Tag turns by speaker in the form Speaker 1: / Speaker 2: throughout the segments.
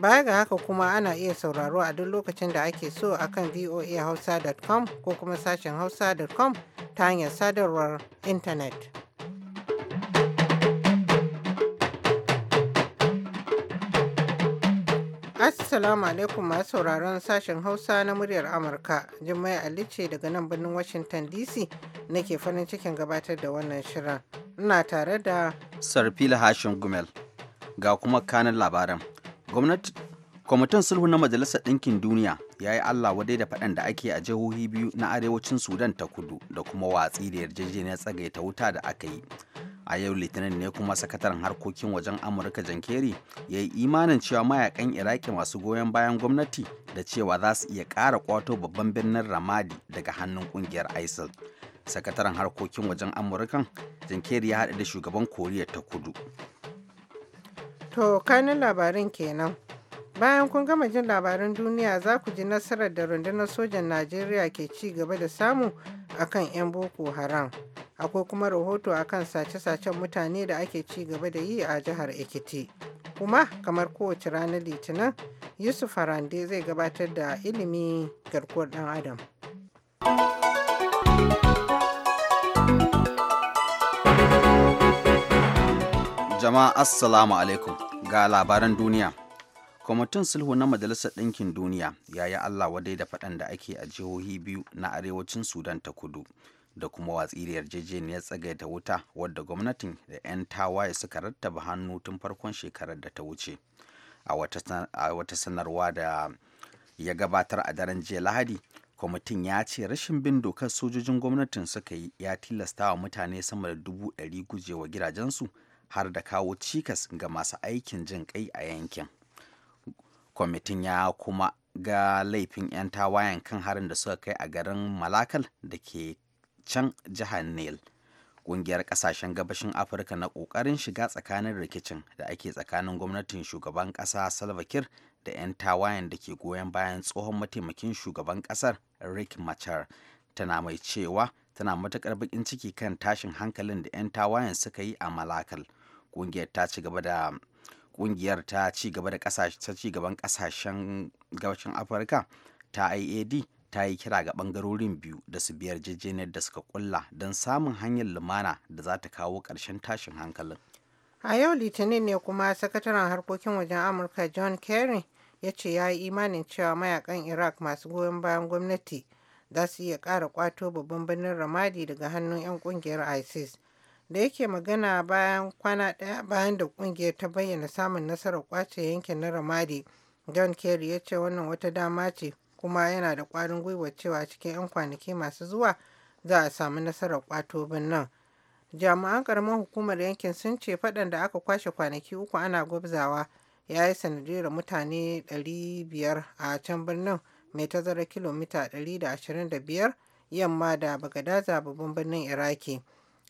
Speaker 1: Baya ga haka kuma ana iya sauraro a duk lokacin da ake so a kan voahausa.com ko kuma sashen hausa.com ta hanyar sadarwar intanet. Assalamu alaikum masu sauraron sashen Hausa na muryar Amurka. Jummai Ali ce daga nan birnin Washington DC nake farin cikin gabatar da wannan shirin. Ina tare da
Speaker 2: Sarfila Hashin Gumel ga kuma kanin labaran. kwamitin sulhu na majalisar ɗinkin duniya ya yi allah wadai da faɗan da ake a jihohi biyu na arewacin sudan ta kudu da kuma watsi da yarjejeniyar tsagaita wuta da aka yi a yau litinin ne kuma sakataren harkokin wajen amurka jan kerry ya yi imanin cewa mayakan iraki masu goyon bayan gwamnati da cewa za su iya ƙara kwato babban birnin ramadi daga hannun ƙungiyar isil sakataren harkokin wajen amurkan jan kerry ya haɗu da shugaban koriya ta kudu
Speaker 1: To, kanin labarin kenan. Bayan kun gama jin labarin duniya za ku ji nasarar da rundunar sojan Najeriya ke ci gaba da samu akan 'yan Boko Haram. Akwai kuma rahoto a kan sace-sacen mutane da ake ci gaba da yi a jihar Ekiti. Kuma kamar kowace ranar Litinin, Yusuf Harande zai gabatar da ilimi garkuwar ɗan Adam.
Speaker 2: jama'a assalamu alaikum ga labaran duniya kwamitin sulhu na majalisar ɗinkin duniya ya yi allah wadai da faɗan da ake a jihohi biyu na arewacin sudan ta kudu da kuma watsi da yarjejeniyar ta wuta wadda gwamnatin da 'yan tawaye suka rattaba hannu tun farkon shekarar da ta wuce a wata sanarwa da ya gabatar a daren jiya lahadi kwamitin ya ce rashin bin dokar sojojin gwamnatin suka yi ya tilasta wa mutane sama da dubu ɗari gujewa gidajensu har da kawo cikas ga masu aikin jin kai a yankin kwamitin ya kuma ga laifin 'yan tawayen kan harin da suka kai a garin malakal da ke can jihar nil ƙungiyar ƙasashen gabashin afirka na kokarin shiga tsakanin rikicin da ake tsakanin gwamnatin shugaban kasa salva kiir da 'yan tawayen da ke goyon bayan tsohon mataimakin shugaban kasar rick machar tana mai cewa tana matuƙar baƙin ciki kan tashin hankalin da 'yan tawayen suka yi a malakal ƙungiyar ta ci gaba da kungiyar ta ci gaba da ta ci ƙasashen gabashin afirka ta iad ta yi kira ga ɓangarorin biyu da su biyar jejjenar da suka kulla don samun hanyar lumana da za ta kawo ƙarshen tashin hankalin
Speaker 1: a yau litinin ne kuma sakataren harkokin wajen amurka john kerry ya ce ya yi imanin cewa mayakan iraq masu goyon bayan gwamnati za su iya ƙara ƙwato babban birnin ramadi daga hannun 'yan ƙungiyar isis da yake magana bayan kwana ɗaya bayan da ƙungiyar ta bayyana samun nasarar kwace yankin na ramadi john kerry ya ce wannan wata dama ce kuma yana da ƙwarin gwiwa cewa cikin 'yan kwanaki masu zuwa za a samu nasarar kwato birnin jami'an karamin hukumar yankin sun ce faɗan da aka kwashe kwanaki uku ana gwabzawa ya yi sanadiyar mutane 500 a can birnin mai tazara kilomita 125 yamma da bagadaza babban birnin iraki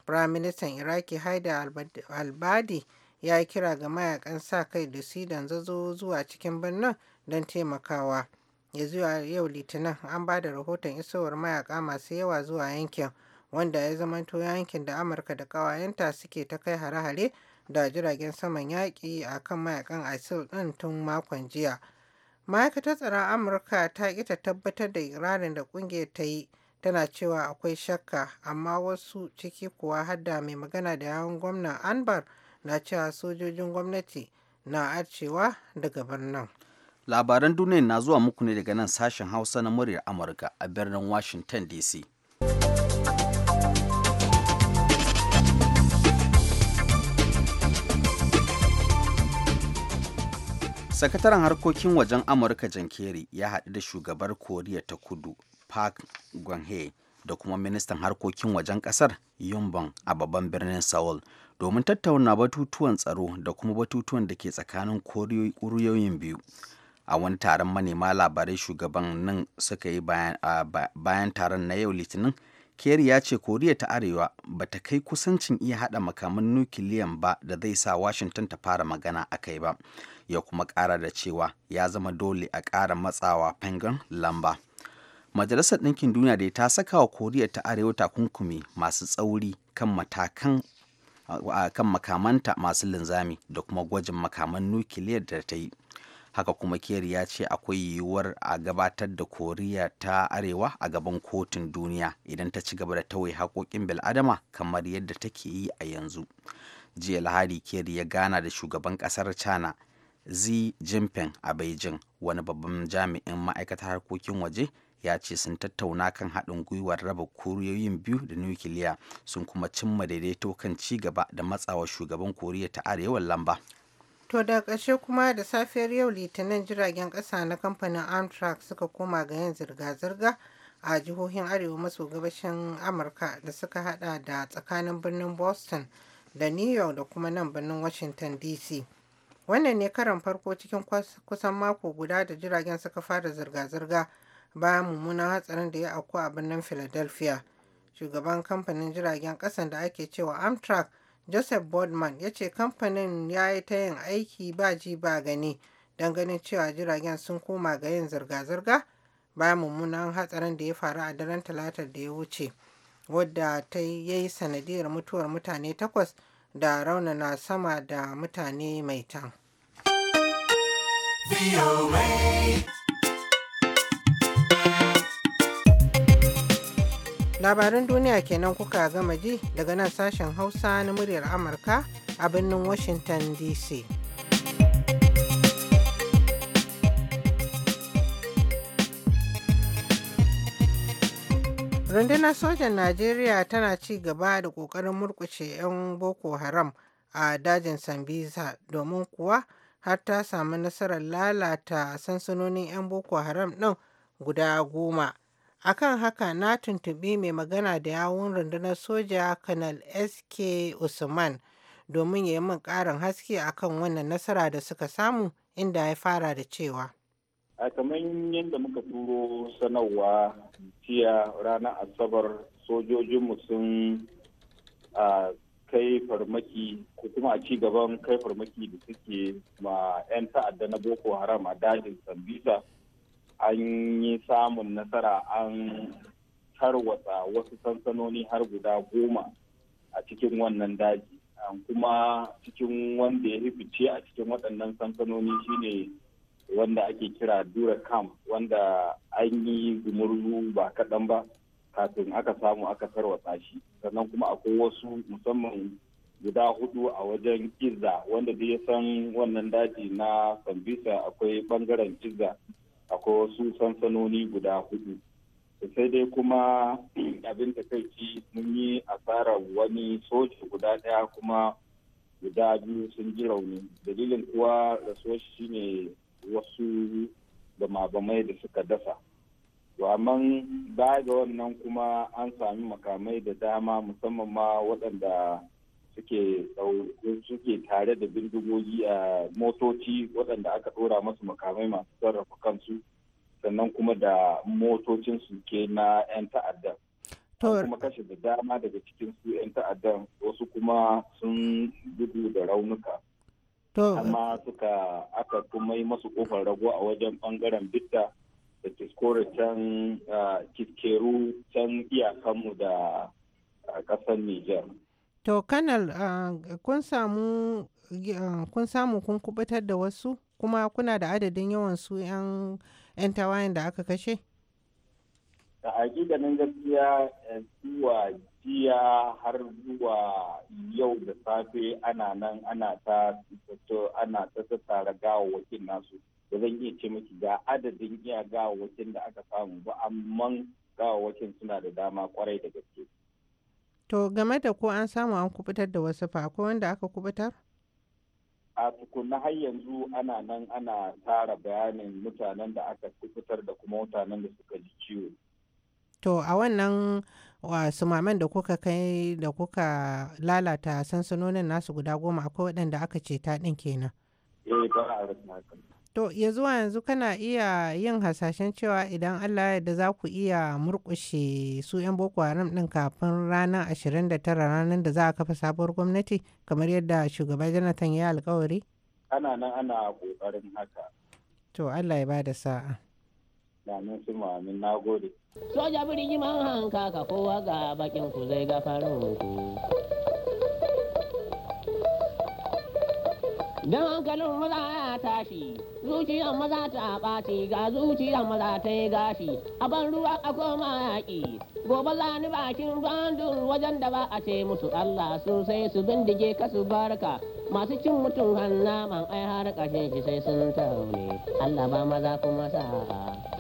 Speaker 1: firaministan iraki haida albadi ya yi kira ga mayakan sa kai da su zazo zuwa cikin birnin don taimakawa ya zuwa yau litinin an ba da rahoton isowar mayaka masu yawa zuwa yankin wanda ya zamanto yankin da amurka da kawayenta suke ta kai hare-hare da jiragen saman yaƙi a kan mayakan isil ɗin tun makon jiya ma'aikatar tsaron amurka ta ƙi ta tabbatar da iranin da ƙungiyar ta yi tana cewa akwai shakka amma wasu ciki kuwa hadda mai magana da yawon gwamnan anbar na cewa sojojin gwamnati na arcewa daga birnin
Speaker 2: labaran duniya na zuwa muku ne daga nan sashen hausa na muryar amurka a birnin washington dc sakataren harkokin wajen amurka jan kerry ya haɗu da shugabar koriya ta kudu park gwanhe da kuma ministan harkokin wajen ƙasar yumbon a babban birnin seoul domin tattauna batutuwan tsaro da kuma batutuwan da ke tsakanin kuriyoyin biyu a wani taron manema labarai shugaban nan suka yi bayan taron na yau litinin kerry ya ce koriya ta arewa ba ta kai kusancin iya haɗa makaman nukiliyan ba da zai sa washington ta fara magana a kai ba ya kuma ƙara da cewa ya zama dole a ƙara matsawa penguin lamba majalisar ɗinkin duniya da ta saka wa koriya ta arewa takunkumi masu tsauri kan matakan kan makamanta masu linzami da kuma gwajin makaman nukiliyar da ta yi haka kuma keri ya ce akwai yiwuwar a gabatar da koriya ta arewa a gaban kotun duniya idan ta ci gaba da tawai haƙoƙin bil'adama kamar yadda take yi a yanzu jiya lahadi keri ya gana da shugaban ƙasar china xi jinping a beijing wani babban jami'in ma'aikatar harkokin waje ya ce sun tattauna kan haɗin gwiwar raba koriyoyin biyu da nukiliya sun kuma cimma daidaito kan ci gaba da matsawa shugaban koriya ta arewa lamba
Speaker 1: To da ƙarshe kuma da safiyar yau litinin jiragen ƙasa na kamfanin Amtrak suka koma ga yin zirga-zirga a jihohin arewa maso gabashin Amurka da suka hada da tsakanin birnin Boston da New York da kuma nan birnin Washington DC. Wannan ne karan farko cikin kusan mako guda da jiragen suka fara zirga-zirga bayan mummunan hatsarin da ya auku a birnin Philadelphia. Shugaban kamfanin jiragen ƙasan da ake cewa Amtrak, Joseph Boardman, ya ce kamfanin ya yi ta yin aiki ba ji ba gani don ganin cewa jiragen sun koma ga yin zirga-zirga bayan mummunan hatsarin da ya faru a daren talatar da ya wuce, wadda ta yi sanadiyar mutuwar mutane takwas da raunana sama da mutane mai tan. Labarin duniya kenan kuka gama ji daga nan sashen Hausa na muryar Amurka a birnin Washington DC. rundunar sojan najeriya tana ci gaba da ƙoƙarin murkushe 'yan boko haram a dajin sambisa domin kuwa har ta samu nasarar lalata sansanonin 'yan boko haram ɗin guda goma akan haka na tuntubi mai magana da yawun rundunar soja kanal sk usman domin ya yi min ƙarin haske akan wannan nasara da suka samu inda ya fara da cewa
Speaker 3: a kamar yadda muka turo sanarwa jiya ranar asabar sojojinmu sun a kai farmaki ko kuma a ci gaban kai farmaki da suke ma 'yan ta'adda na boko haram a dajin sambisa an yi samun nasara an tarwatsa wasu sansanoni har guda goma a cikin wannan daji kuma cikin wanda ya fice a cikin waɗannan sansanoni shine wanda ake kira dura camp wanda an yi gumurzu ba kaɗan ba kafin aka samu aka tarwatsa shi sannan kuma akwai wasu musamman guda hudu a wajen izza wanda dai ya san wannan daji na sambisa akwai bangaren izza akwai wasu sansanoni guda hudu sai dai kuma abin takaici mun yi asarar wani soja guda ɗaya kuma guda biyu sun ji rauni dalilin kuwa rasuwar ne. wasu bama-bamai da suka dasa to amma baya ga wannan kuma an sami makamai da dama musamman ma waɗanda suke tare da bindigogi a motoci waɗanda aka ɗora masu makamai masu sarrafa kansu sannan kuma da motocin suke na 'yan ta'adda kuma kashe da dama daga cikin su 'yan ta'addan wasu kuma sun gudu da raunuka amma suka aka kuma yi masu kofar rago a wajen bangaren bitta da tiskore can kiskeru can iyakanmu da kasar niger
Speaker 1: to kanal kun samu kun samu kubutar da wasu kuma kuna da adadin yawan su 'yan tawayen da aka kashe?
Speaker 3: da nan gaskiya eh, zuwa jiya har zuwa yau da safe ana nan ana ta to ana ta tattara gawawwakin nasu ba zan iya ce miki ga adadin iya gawawwakin da aka samu ba amma gawawwakin suna da dama kwarai da gaske.
Speaker 1: To game da ko an samu an kubutar da wasu fa ko wanda aka kubutar?
Speaker 3: A tukunna har yanzu ana nan ana tara bayanin mutanen da aka kubutar da kuma mutanen da suka ji ciwo.
Speaker 1: To a wannan wa maman da kuka kai da kuka lalata sansanonin nasu guda goma akwai waɗanda aka ceta ɗin kenan.
Speaker 3: Eh,
Speaker 1: to ya zuwa yanzu kana iya yin hasashen cewa idan Allah da za ku iya murƙushe su 'yan Boko Haram ɗin kafin ranar 29 ranar da za a kafa sabuwar gwamnati kamar yadda shugaba Jonathan ya alkawari?
Speaker 3: Ana nan ana ƙoƙarin haka.
Speaker 1: To Allah ya ba da sa'a.
Speaker 3: Amin su na gode.
Speaker 1: Soja birgi man hanka ka kowa ga bakin ku zai ga farin ku. Don hankalin maza ya tashi, zuciyar maza ta ɓaci ga zuciyar maza ta yi gashi, a ban ruwa a koma yaƙi. Gobe za ni bakin bandun wajen da ba a ce musu Allah sosai su bindige ka su barka. Masu cin mutum hannaman ai har ƙashe shi sai sun taune, Allah ba maza kuma sa'a.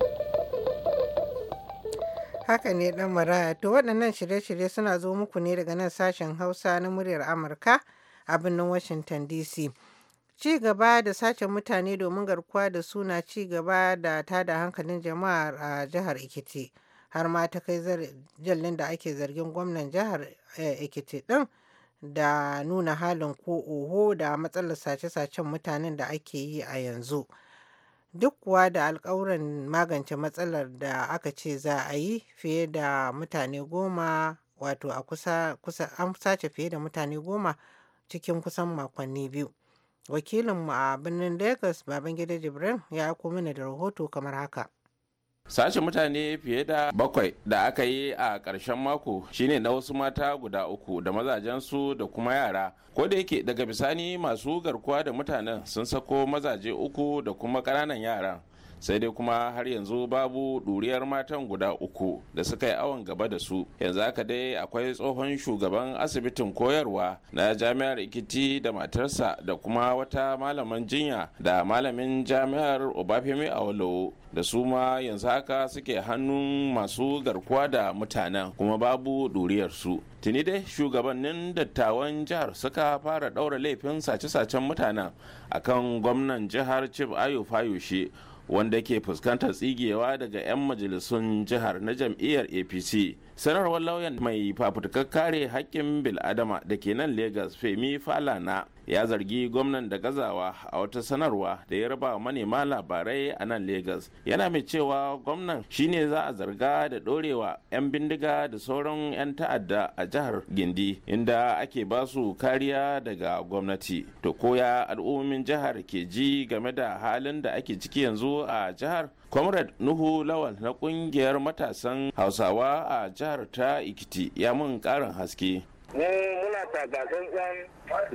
Speaker 1: Haka ne dan maraya. To waɗannan shirye-shirye suna zo muku ne daga nan sashen Hausa na muryar Amurka a birnin Washington DC. Ci gaba da sace mutane domin garkuwa da suna ci gaba da tada hankalin jama'a a jihar Ekiti. Har ma ta kai jallin da ake zargin gwamnan jihar eh, Ekiti din da nuna halin ko oho da matsalar sace-sacen mutanen da ake yi a yanzu. duk kuwa da alkawuran magance matsalar da aka ce za a yi fiye da mutane goma wato a kusa, kusa an sace fiye da mutane goma cikin kusan makonni biyu wakilinmu a birnin lagos babangida jibrin ya aiko mana da rahoto kamar haka
Speaker 4: Sashen mutane fiye da bakwai da aka yi a ƙarshen mako shine na wasu mata guda uku da mazajensu da kuma yara. Ko da yake daga bisani masu garkuwa da mutanen sun sako mazaje uku da kuma ƙananan yara sai dai kuma har yanzu babu ɗuriyar matan guda uku da suka yi awon gaba da su yanzu haka dai akwai tsohon shugaban asibitin koyarwa na jami'ar ikiti da matarsa da kuma wata malaman jinya da malamin jami'ar obafemi awolowo da su ma yanzu haka suke hannun masu garkuwa da mutanen kuma babu ɗuriyarsu tuni dai shugabannin dattawan jihar suka fara ɗaura laifin sace-sacen mutanen akan gwamnan jihar cif ayo fayoshe wanda ke fuskantar tsigewa daga 'yan majalisun jihar na jam'iyyar apc sanarwar lauyan mai fafutukar kare haƙƙin bil'adama da ke nan legas femi falana ya zargi gwamnan da gazawa a wata sanarwa da ya raba manema labarai a nan Legas. Yana mai cewa gwamnan shine za a zarga da dorewa 'yan bindiga da sauran 'yan ta'adda a jihar Gindi inda ake ba su kariya daga gwamnati. To koya al'ummin jihar ke ji game da halin da ake ciki yanzu a jihar? Comrade Nuhu Lawal na kungiyar matasan Hausawa a jihar ta Ikiti ya mun karin haske.
Speaker 5: mu muna tsantsan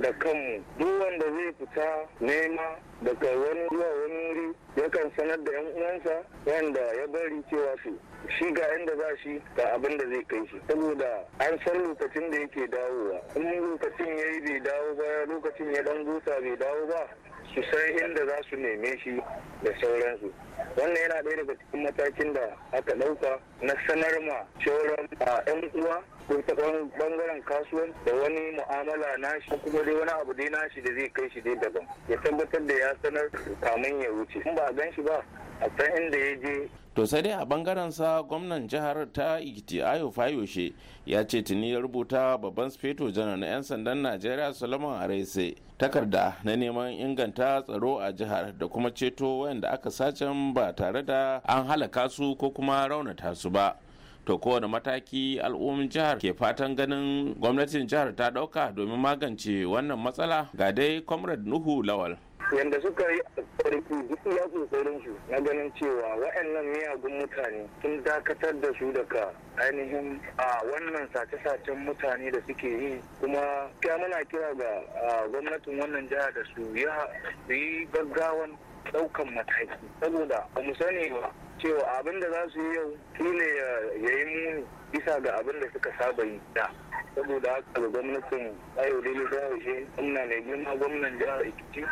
Speaker 5: da kanmu duk wanda zai fita nema daga wani zuwa wani wuri yakan sanar da 'yan uwansa wanda ya bari cewa su shi ga inda za shi ga abin da zai kai shi saboda an san lokacin da yake dawowa in lokacin ya yi bai dawo ba lokacin ya dan gusa bai dawo ba su san inda za su neme shi da sauransu wannan yana ɗaya daga cikin matakin da aka ɗauka na sanar ma a yan uwa ko ta bangaren kasuwan da wani mu'amala nashi kuma dai wani abu dai nashi da zai kai shi dai daban ya tabbatar da ya ya sanar kamun ya wuce in ba gan shi ba a san inda ya je
Speaker 4: to sai dai a bangaren sa gwamnan jihar ta ikiti ayo fayoshe ya ce tuni ya rubuta babban sufeto janar na 'yan sandan najeriya solomon arese takarda na neman inganta tsaro a jihar da kuma ceto wayanda aka sacen ba tare da an halaka su ko kuma raunata su ba to kowane mataki al'ummar jihar ke fatan ganin gwamnatin jihar ta dauka domin magance wannan matsala ga dai comrade nuhu lawal
Speaker 5: yanda suka yi ƙarfi duk ya ƙoƙarin su na ganin cewa waɗannan miyagun mutane sun dakatar da su daga ainihin a wannan sace-sacen mutane da suke yi kuma ya muna kira ga gwamnatin wannan jiha da su yi gaggawan ɗaukan mataki saboda ba mu sani ba cewa abin da za su yi yau shine ya yi muni bisa ga abin da suka saba yi da saboda haka ga gwamnatin ayo dai da yaushe ina ne girma gwamnan jihar ekiti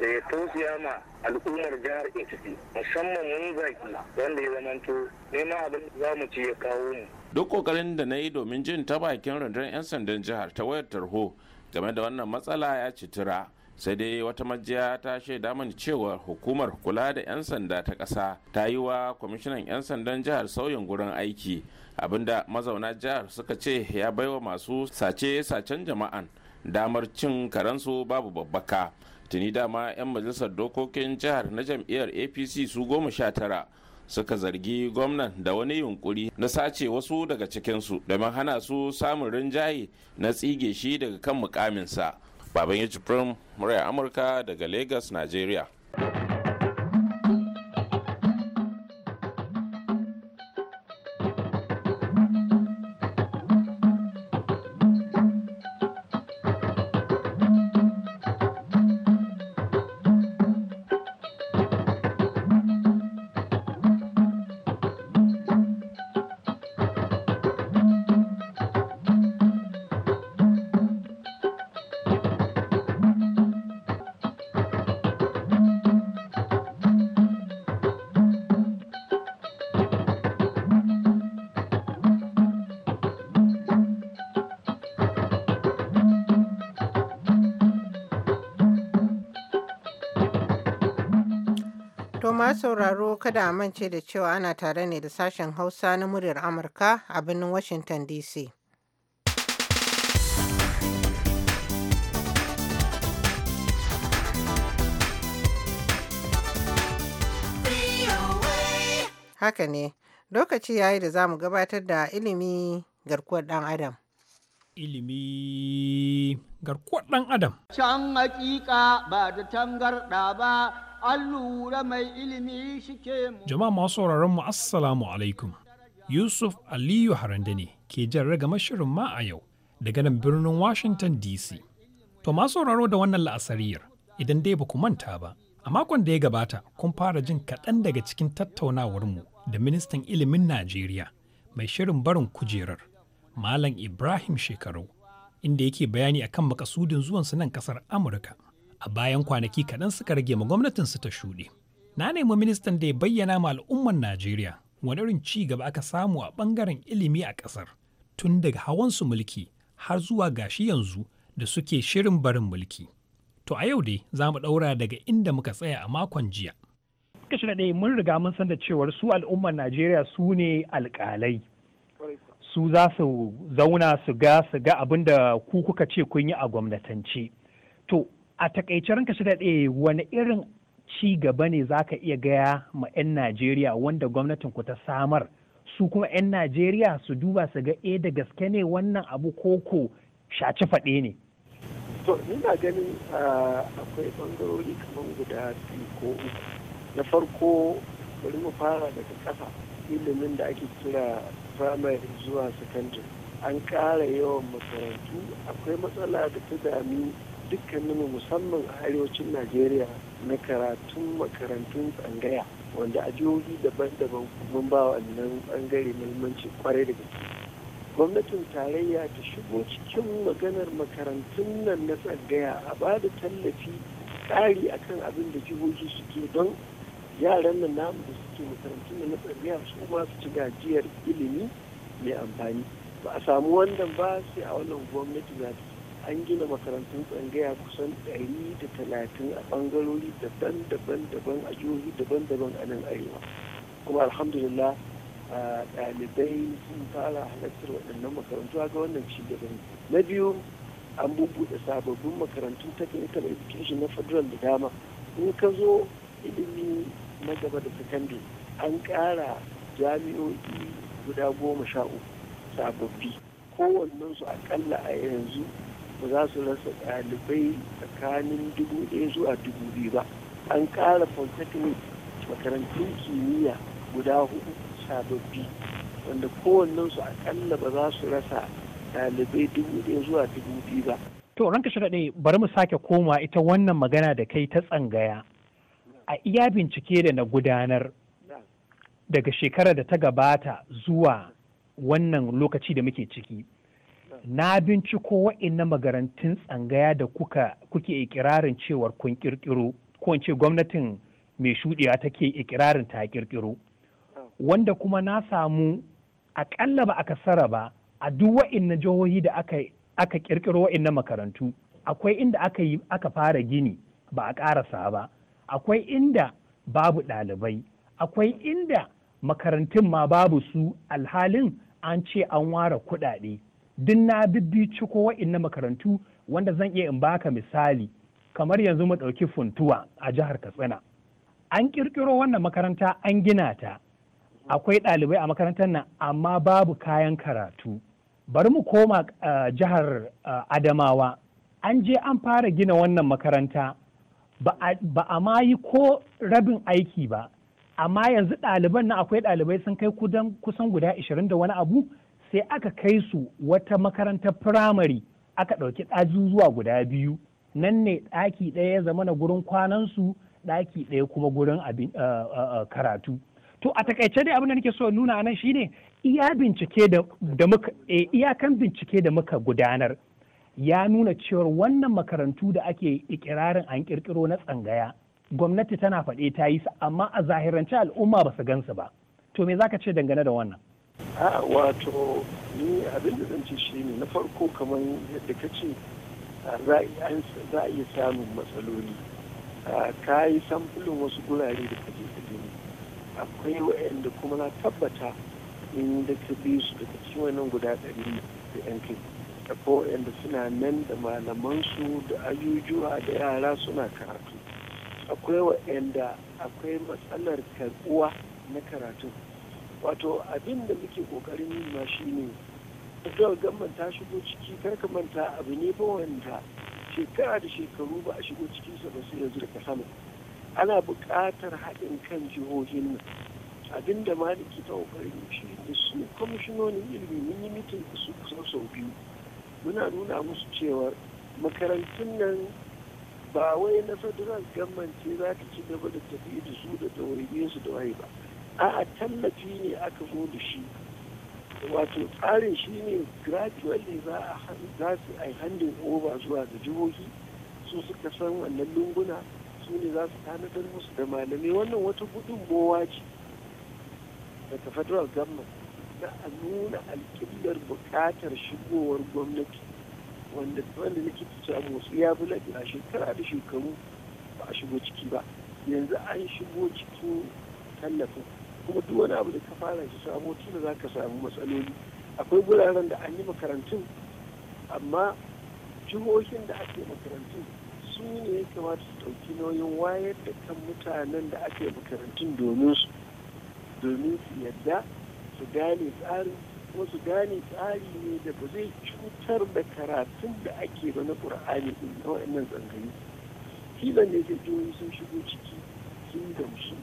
Speaker 5: da ya tosiya ma al'ummar jihar ekiti musamman mun zaki wanda ya zamanto neman abin da za mu ci ya kawo mu
Speaker 4: duk kokarin da na yi domin jin ta bakin rundunar 'yan sandan jihar ta wayar tarho game da wannan matsala ya citira sai dai wata majiya ta shaida mani cewa hukumar kula da 'yan sanda ta ƙasa ta yi wa kwamishinan 'yan sandan jihar sauyin gurin aiki abinda mazauna jihar suka ce ya baiwa masu sace-sacen jama'an damar cin karensu babu babbaka tuni dama 'yan majalisar dokokin jihar na jam'iyyar apc su goma sha tara suka zargi gwamnan da wani yunkuri na sace wasu daga cikinsu domin hana su samun rinjaye na tsige shi daga kan mukaminsa. baban ya jibrin murya amurka daga lagos nigeria
Speaker 1: ma sauraro kada a mance da cewa ana tare ne da sashen Hausa na muryar Amurka a birnin Washington DC. Haka ne, lokaci yayi da zamu gabatar da ilimi garkuwar ɗan Adam.
Speaker 6: Ilimi garkuwar ɗan Adam.
Speaker 1: Can hakika ba da tangarɗa ba an
Speaker 2: lura mai ilimi shi ke mu.
Speaker 6: Jama'a masu sauraron mu Assalamu alaikum. Yusuf Aliyu Harande ne ke jan ragama shirin ma a yau daga nan birnin Washington DC. To masu sauraro da wannan la'asariyar idan dai ba ku manta ba. A makon da ya gabata kun fara jin kaɗan daga cikin tattaunawar mu da ministan ilimin Najeriya mai shirin barin kujerar Malam Ibrahim Shekaru inda yake bayani akan makasudin zuwansu nan ƙasar Amurka. a bayan kwanaki kaɗan suka rage ma gwamnatinsu ta shuɗe. Na nemi ministan da ya bayyana ma al'umman Najeriya wani irin ci gaba aka samu a ɓangaren ilimi a ƙasar tun daga hawan su mulki har zuwa gashi yanzu da suke shirin barin mulki. To a yau dai za mu ɗaura daga inda muka tsaya a makon jiya.
Speaker 7: Kashi na ɗaya mun riga mun san da cewar su al'umman Najeriya su ne alƙalai. Su za su zauna su ga su ga abin da ku kuka ce kun yi a gwamnatance. To a takaice ranka shi daɗe wani irin ci gaba ne za ka iya gaya ma 'yan Najeriya wanda gwamnatin ku ta samar su kuma 'yan Najeriya su duba su ga e da gaske ne wannan abu koko shaci faɗe ne.
Speaker 8: To, ni na ganin ah, akwai ɓangarori kamar guda biyu ko uku. Na farko bari mu fara daga ƙasa ilimin da ake kira primary zuwa secondary. An ƙara yawan makarantu akwai matsala da ta dami dukkaninmu musamman a arewacin najeriya na karatun makarantun tsangaya wanda a jihohi daban-daban mun ba wannan bangare muhimmanci kwarai da gaske gwamnatin tarayya ta shigo cikin maganar makarantun nan na tsangaya a ba da tallafi ƙari akan abin da jihohi suke don yaran nan namu da suke makarantun nan na tsangaya su ma su ci gajiyar ilimi mai amfani ba a samu wannan ba sai a wannan gwamnati za ta an gina makarantun tsangaya kusan 130 a bangarori daban-daban daban a jihohi daban-daban a nan arewa kuma alhamdulillah ɗalibai sun fara halartar waɗannan makarantu ga wannan ci gaba na biyu an bubuɗe sababbin makarantun technical education na federal da dama in ka zo ilimi na gaba da sakandare an ƙara jami'o'i guda goma sha uku sababbi kowannensu akalla a yanzu ba za su rasa ɗalibai tsakanin dubu ɗaya zuwa dubu biyu ba an ƙara polytechnic makarantun kimiyya guda hudu sababbi wanda su akalla ba za su rasa ɗalibai dubu ɗaya zuwa dubu biyu ba
Speaker 7: To ranka shiraɗe bari mu sake koma ita wannan magana da kai ta tsangaya. A iya bincike da na gudanar daga shekarar da ta gabata zuwa wannan lokaci da muke ciki. na binciko wa'innan magarantun tsangaya da kuka kuke ikirarin cewar kun kirkiro ko ce gwamnatin mai shudewa take ikirarin ta kirkiro wanda kuma na samu aƙalla ba a sara ba a duk wa'innan jihohi da aka aka kirkiro makarantu akwai inda aka yi aka fara gini ba a ƙarasa ba akwai inda babu ɗalibai akwai inda makarantun ma babu su alhalin an ce an ware kuɗaɗe Din na bibbici ko na makarantu wanda zan iya in baka misali kamar yanzu mu ɗauki funtuwa a jihar katsina an ƙirƙiro wannan makaranta an gina ta akwai ɗalibai a makarantar nan amma babu kayan karatu bari mu koma eh, jihar eh, adamawa an je an fara gina wannan makaranta ba a ma yi ko rabin aiki ba amma yanzu ɗaliban nan akwai ɗalibai sun kai kusan guda 20 da wani abu sai aka kai su wata makarantar firamare aka ɗauki zuwa guda biyu nan ne ɗaki ɗaya ya zama na gurin kwanansu ɗaki ɗaya kuma gurin karatu to a takaice dai abin da nake so nuna nan shine iya eh, iyakan bincike da muka gudanar ya nuna cewar wannan makarantu da ake ikirarin an kirkiro na tsangaya gwamnati tana faɗe ta yi amma a zahirance al'umma ba su gansu ba to me zaka ce dangane da wannan
Speaker 8: a wato ni abin da zan ce shi ne na farko kamar yadda ka ce za a iya samun matsaloli ka yi samfulin wasu gurare da kaje ka gani akwai waɗanda kuma na tabbata in da ka bi su daga cikin wannan guda ɗari da yan kai da ko suna nan da malamansu da ajujuwa da yara suna karatu akwai waɗanda akwai matsalar karɓuwa na karatun wato abin da muke kokarin ma shi ne federal government ta shigo ciki kar manta abu ne ba wanda shekara da shekaru ba a shigo ciki sa ba sai yanzu daga sama ana buƙatar haɗin kan jihohin nan abin da ke ta kokarin shi da su kwamishinonin ilimi mun yi mitin da su kusan sau biyu muna nuna musu cewa makarantun nan ba wai na federal government ce za ta ci gaba da tafi da su da tauriye su da waye ba a'a tallafi ne aka zo da shi wato tsarin shi ne gradually za a su ai handin over zuwa ga jihohi su suka san wannan lunguna su ne za su tanadar musu da malamai wannan wata gudunmowa ce daga federal government na a nuna alƙiblar buƙatar shigowar gwamnati wanda wanda nake cewa motsi ya a shekara da shekaru ba a shigo ciki ba yanzu an shigo cikin tallafin kuma duk wani abu da ka fara shi samu tun za ka samu matsaloli akwai guraren da an yi makarantun amma jihohin da ake makarantun su ne ya kamata su ɗauki nauyin wayar da kan mutanen da ake makarantun domin su domin su yadda su gane tsarin kuma su gane tsari ne da ba zai cutar da karatun da ake ba na ƙur'ani ɗin na waɗannan tsangayi. Filan ne zai jihohi sun shigo ciki sun gamsu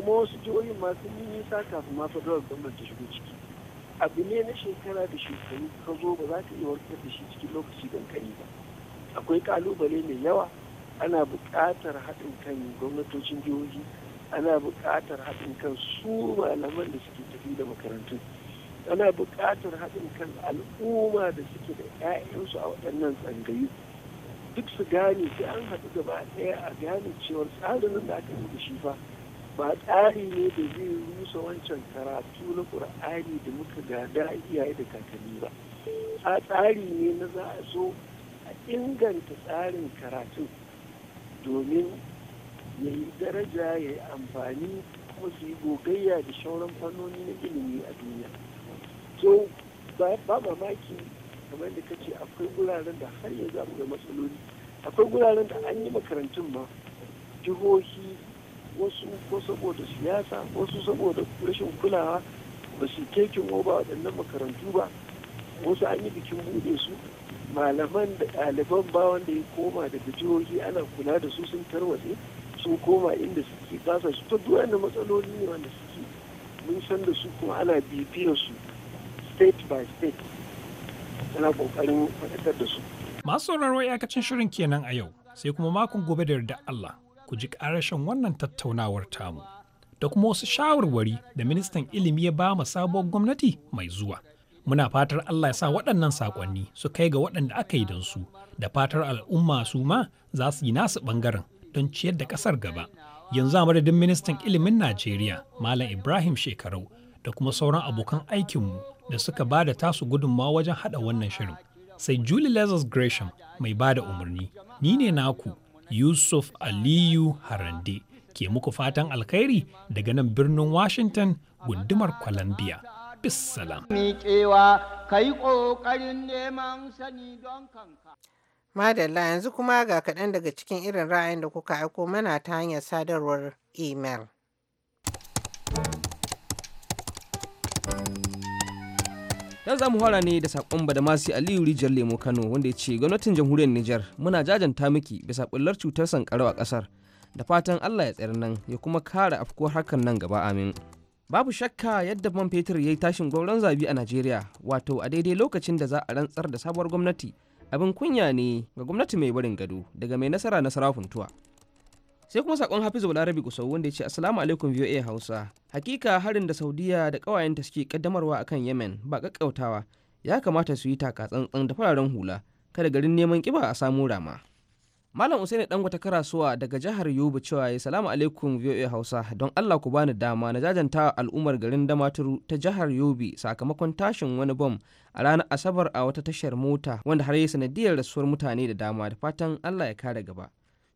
Speaker 8: kuma wasu jihohin masu nisa kafin ma federal government ta shigo ciki abu ne na shekara da shekaru ka zo ba za ka iya warkar da shi cikin lokaci dankali ba akwai kalubale mai yawa ana bukatar haɗin kan gwamnatocin jihohi ana buƙatar haɗin kan su malaman da suke tafi da makarantun ana bukatar haɗin kan al'umma da suke da 'ya'yansu a waɗannan tsangayu duk su gane sai an haɗu gaba ɗaya a gane cewar tsarin da aka yi da shi fa ba tsari ne da zai rusa wancan karatu na ƙur'ani da muka gada iyaye da kakanni ba a tsari ne na za a so a inganta tsarin karatu domin ya yi daraja ya yi amfani kuma su yi gogayya da shauran fannoni na ilimi a duniya so ba mamaki kamar da kace akwai guraren da har yanzu akwai matsaloli akwai guraren da an yi makarantun ma jihohi wasu ko saboda siyasa wasu saboda rashin kulawa ba su kekin ba waɗannan makarantu ba wasu an yi bikin buɗe su malaman da ɗaliban ba wanda ya koma daga jihohi ana kula da su sun tarwatse sun koma inda suke basa su ta duwanda matsaloli ne wanda suke mun san da su kuma ana bibiyar su state by state ana kokarin faɗakar da su
Speaker 6: masu sauraro iyakacin shirin kenan a yau sai kuma makon gobe da yarda Allah ku ji ƙarashin wannan tattaunawar tamu da kuma wasu shawarwari da ministan ilimi ya ba mu sabuwar gwamnati mai zuwa. Muna fatar Allah ya sa waɗannan saƙonni su kai ga waɗanda aka yi don su, da fatar al'umma su ma za su yi nasu ɓangaren don ciyar da ƙasar gaba. Yanzu a madadin ministan ilimin Najeriya, Malam Ibrahim Shekarau, da kuma sauran abokan aikinmu da suka ba da tasu gudunmawa wajen haɗa wannan shirin. Sai Julie Lazarus Gresham mai ba da umarni, ni ne naku Yusuf Aliyu Harande ke muku fatan alkhairi daga nan birnin Washington gundumar Columbia. kanka.
Speaker 1: Madalla yanzu kuma ga kaɗan daga cikin irin ra'ayin da kuka aiko mana ta hanyar sadarwar email.
Speaker 9: Yau za mu fara ne da sakon Badamasi Aliyu Rijiyar Lemo Kano wanda ya ce gwamnatin jamhuriyar Nijar muna jajanta miki bisa bullar cutar sankarau a kasar. Da fatan Allah ya tsayar nan ya kuma kare afkuwar hakan nan gaba amin. Babu shakka yadda man fetur ya yi tashin gwauron zabi a Najeriya wato a daidai lokacin da za a rantsar da sabuwar gwamnati abin kunya ne ga gwamnati mai barin gado daga mai nasara na sarafin tuwa. sai kuma sakon hafizu larabi gusau wanda ya ce assalamu alaikum voa hausa hakika harin da saudiya da kawayenta suke kaddamarwa kan yemen ba kakkautawa ya kamata su yi taka tsantsan da fararen hula kada garin neman kiba a samu rama malam usaini wata karasuwa daga jihar yobe cewa ya salamu alaikum voa hausa don allah ku bani dama na jajanta al'ummar garin damaturu ta jihar yobe sakamakon tashin wani bom a ranar asabar a wata tashar mota wanda har yi sanadiyar rasuwar mutane da dama da fatan allah ya kare gaba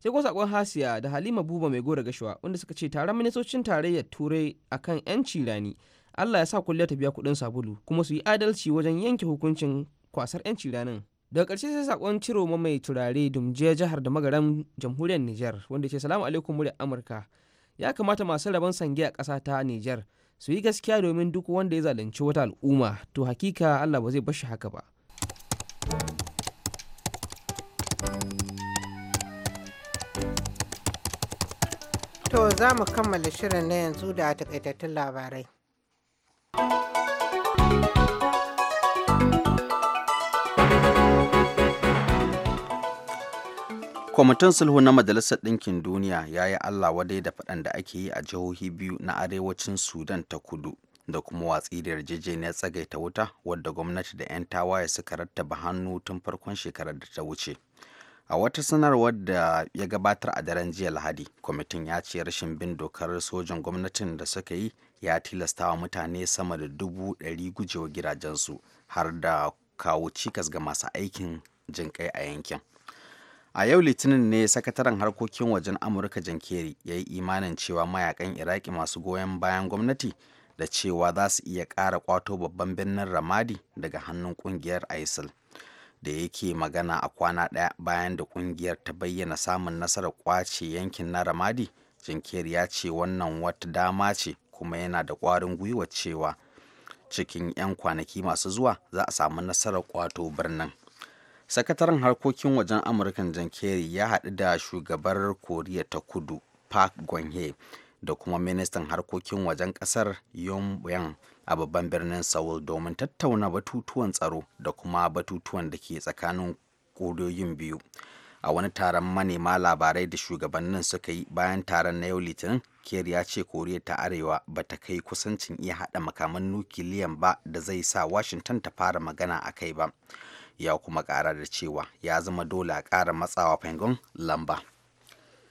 Speaker 9: sai ko sakon hasiya da halima buba mai gora gashuwa wanda suka ce taron ministocin tarayyar turai akan yanci rani allah ya sa kulle ta biya kuɗin sabulu kuma su yi adalci wajen yanke hukuncin kwasar yanci ranin daga karshe sai sakon ciro mai turare dumje jihar da magaran jamhuriyar niger wanda ce salamu alaikum muryar amurka ya kamata masu rabon sange a ƙasa ta niger su yi gaskiya domin duk wanda ya zalunci wata al'umma to hakika allah ba zai bar shi haka ba
Speaker 1: za mu kammala shirin na yanzu da takaitattun labarai.
Speaker 2: kwamitin sulhu na majalisar ɗinkin duniya ya yi allah wadai da faɗan da ake yi a jihohi biyu na arewacin sudan ta kudu da kuma watsi da yarjejeniyar tsagaita wuta wadda gwamnati da 'yan tawaye suka rattaba hannu tun farkon shekarar da ta wuce a wata sanarwar da ya gabatar a daren jiya lahadi kwamitin ya ce rashin bin dokar sojan gwamnatin da suka yi ya tilasta wa mutane sama da dubu ɗari gujewa gidajensu har da kawo cikas ga masu aikin jinƙai a yankin a yau litinin ne sakataren harkokin wajen amurka jankeri ya yi imanin cewa mayakan iraki masu goyon bayan gwamnati da cewa za su iya ƙara kwato babban birnin ramadi daga hannun ƙungiyar isil da yake magana a kwana ɗaya bayan da ƙungiyar ta bayyana samun nasarar ƙwace yankin na ramadi jinkiri ya ce wannan wata dama ce kuma yana da ƙwarin gwiwa cewa cikin 'yan kwanaki masu zuwa za a samu nasarar kwato birnin sakataren harkokin wajen amurkan jankeri ya haɗu da shugabar koriya ta kudu park gwanhe da kuma ministan harkokin wajen ƙasar yong a babban birnin Seoul domin tattauna batutuwan tsaro da kuma batutuwan da ke tsakanin kodoyin biyu. A wani taron manema labarai da shugabannin suka yi bayan taron na yau Litinin, Kerry ya ce Koriya ta Arewa ba ta kai kusancin iya haɗa makaman nukiliyan ba da zai sa Washington ta fara magana a kai ba. Ya kuma ƙara da cewa ya zama dole a ƙara matsawa fangon lamba.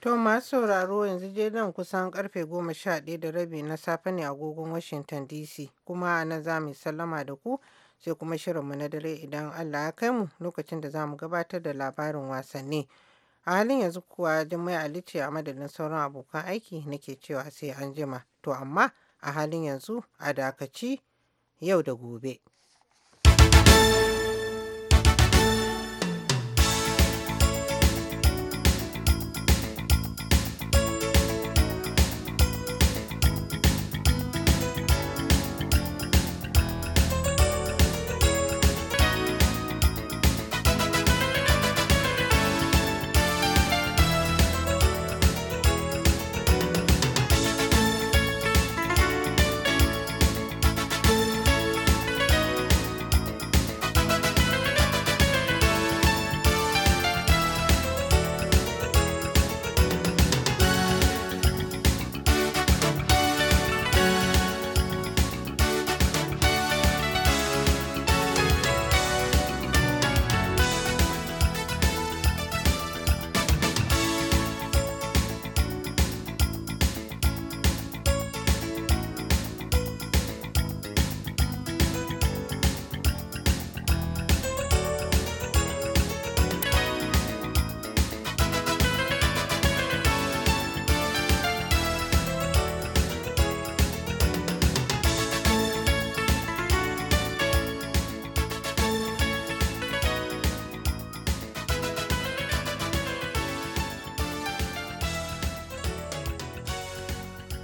Speaker 1: To masu sauraro yanzu je nan kusan karfe goma sha ɗaya da rabi na safe ne agogon Washington DC kuma na nan za mu sallama da ku sai kuma shirin mu na dare idan Allah ya kai mu lokacin da za mu gabatar da labarin wasanni. A halin yanzu kuwa Jummai Ali ce a madadin sauran abokan aiki nake cewa sai an jima. To amma a halin yanzu a dakaci yau da gobe.